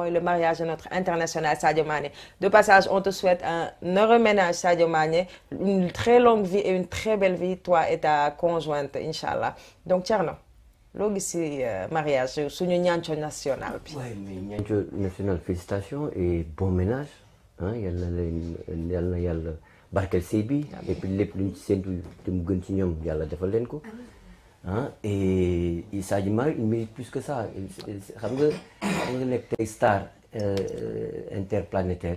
le mariage de notre international Sadio Mané de passage on te souhaite un heureux ménage Sadio Mané une très longue vie et une très belle vie toi et ta conjointe inshallah. donc tierno, loo euh, mariage suñu nyancho national Oui, mais national félicitations et bon ménage Il y a le, yal na et puis les plus de du mu gën ci Hein, et il il mérite plus que ça Les stars interplanétaires, nga euh, interplanétaire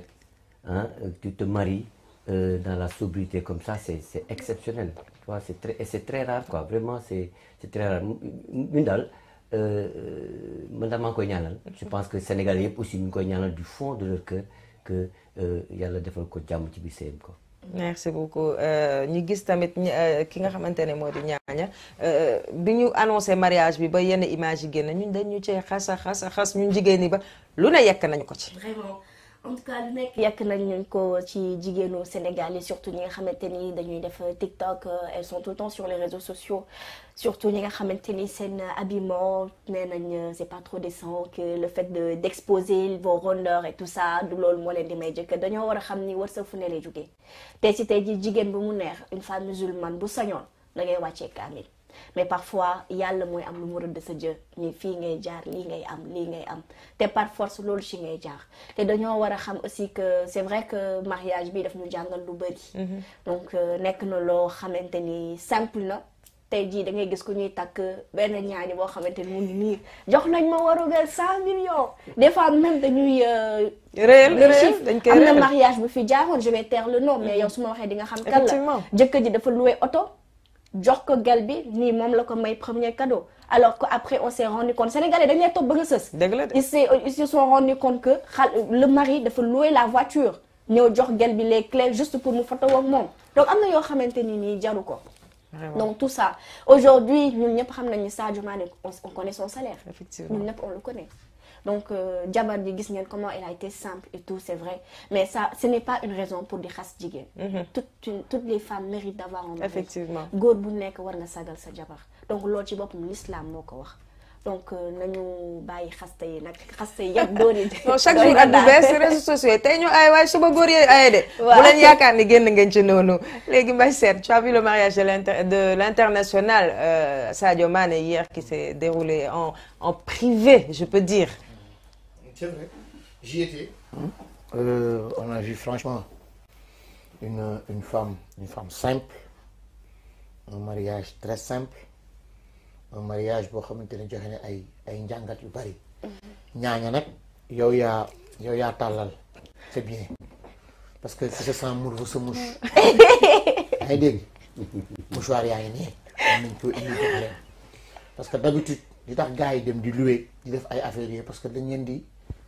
hein, euh, tu te maries euh, dans la sobriété comme ça c'est exceptionnel tu vois c'est très c'est très rare quoi vraiment c'est très rare ñun daal je pense que Sénégalais aussi ñu du fond de leur cœur que y a ko jàmm ci biir séyam merci beaucoup euh, ñu gis tamit euh, ki nga xamante ne moo di ñaaña euh, bi ñu annoncé mariage bi ba yenn image yi génn ñun dañu cee xasa xasa xas ñu jigéen ñi ba lu ne yekk nañu ko ci. en tout cas lu nañ surtout ñi nga xamante TikTok euh, elles sont tout le temps sur les réseaux sociaux surtout ñi nga xamante ni seen euh, c'est pas trop décent que le fait de d'exposer vos rondeurs et tout ça du di may a si une femme musulmane bu sañoon da ngay mais parfois yàlla mooy am lu mu rëdd sa jë ni fii ngay jaar lii ngay am lii ngay am te par force loolu si ngay jaar te dañoo war a xam aussi que c'est vrai que mariage bi daf ñu jàngal lu bëri. Mhm. donc euh, nekk na loo xamante ni simple na. te jii da ngay gis ku ñuy takk benn ñaani boo xamante ni mu nii jox nañ ma war cent millions des fois même dañuy. Euh, réel réel dañ koy réel am na fi jaaroon je vais taire le nom su ma waxee di nga xam. kan la jëkkër ji dafa loué oto. jox Galbi, ni mon la ko may premier cadeau alors qu'après après on s'est rendu compte sénégalais dañ ils se sont rendus compte que le mari dafa louer la voiture ni jox Galbi les clés juste pour nous faire un moom donc am na yoo ni nii donc tout ça aujourd'hui nous avons xam nañu on connaît son salaire. effectivement on le connaît donc Diabar euh, ji gis ngeen comment elle a été simple et tout c'est vrai mais ça ce n'est pas une raison pour des xas jigéen mhm. toutes toutes les femmes méritent d'avoir un mari effectivement góor bu nekk war nga sagal sa Diabar. donc loolu ci boppam l'islam moo ko wax donc euh, nañu bàyyi xaste yi nag xaste yi yëpp doon non chaque jour at bu bees réseaux sociaux yi tey ñu ay waaye suba góor yi ay de bu leen yaakaar ni génn ngeen ci noonu léegi Mbaye Sène tu as vu le mariage de l'international euh, Sadio Mané hier qui s'est déroulé en en privé je peux dire c'est vrai. J'y étais. Hein euh, on a vu franchement une, une, femme, une femme simple, un mariage très simple, un mariage boo xamante ne joxe ne ay ay njàngat yu bari. Mm-hmm. ñaaña nag yow yaa yow c'est bien parce que si sans amour vous se mouche. Mm-hmm. yaa ngi dégg mouchoir yaa ngi nii am nañ ko indi parce que d'habitude li tax gars yi dem di louer ils def ay affaires parce que dañ leen di.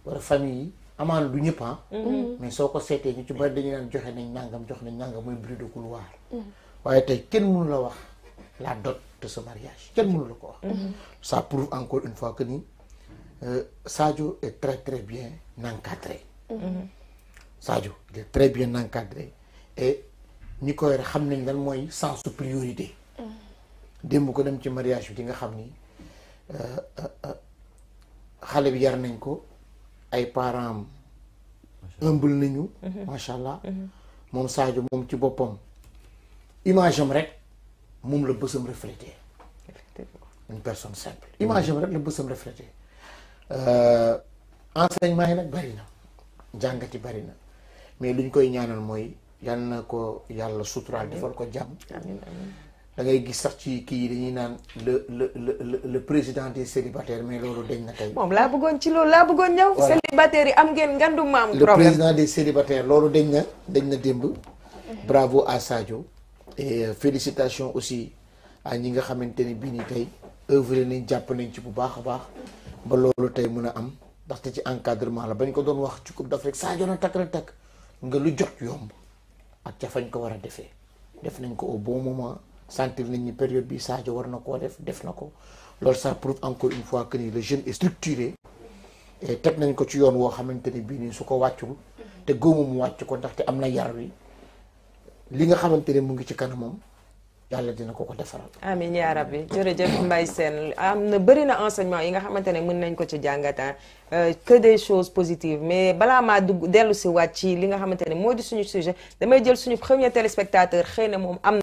wala famille yi amaan du ñëpp ah. mm-hmm. Mm-hmm. mais soo ko seetee ñu ci bari dañu naan joxe nañ nangam joxe nañ nangam mooy bruit de couloir. Mm-hmm. waaye tey kenn mënu la wax la dot de ce mariage kenn mënu la ko wax. ça prouve encore une fois que ni euh, Sadio est très très bien encadré. Sadio il est très bien encadré et ñi koy xam nañ lan de priorité. démb ko dem ci mariage bi nga xam ni euh, euh, bi yar nañ ko. ay parent am ëmbal nañu macha allah moom Sadio moom ci boppam image am rek moom la bësam reflété une personne simple image am rek la bësam reflété euh, enseignement yi nag bari na jàngati bari na mais luñ koy ñaanal mooy yal na ko yàlla suturaal defal ko jàmm da ngay gis sax ci kii yi dañuy naan le le le le président des célibataires mais loolu dañ na tey. moom laa bëggoon ci loolu laa bëggoon ñëw. célibataires yi am ngeen ngandu maam. problème le président des célibataires loolu dañ na dañ na démb. bravo à Sadio. et euh, aussi à ñi nga xamante ni bii nii tey œuvre nañ jàpp nañ ci bu baax a baax ba loolu tey mën a am ndaxte ci encadrement la bañ ko doon wax ci Coupe d'Afrique Sadio na takk na takk nga lu jot yomb ak ca fañ ko war a defee def nañ ko au bon moment. sentir nañ ni période bi Sadio war na koo def def na ko loolu ça prouve encore une fois que ni le jeune est structuré et teg nañ ko ci yoon woo xamante ni bii nii su ko wàccul te góomu mu wàcc ko ndaxte am na yar wi li nga xamante ne mu ngi ci kanamam yàlla dina ko ko defaral. amiin yaa rabbi jërëjëf Mbaye Sène am na bëri na enseignement yi nga xamante ne mën nañ ko ci jàngata euh, que des choses positives mais balaa maa dugg dellu si waat li nga xamante ne moo di suñu sujet damay jël suñu premier téléspectateur xëy na moom am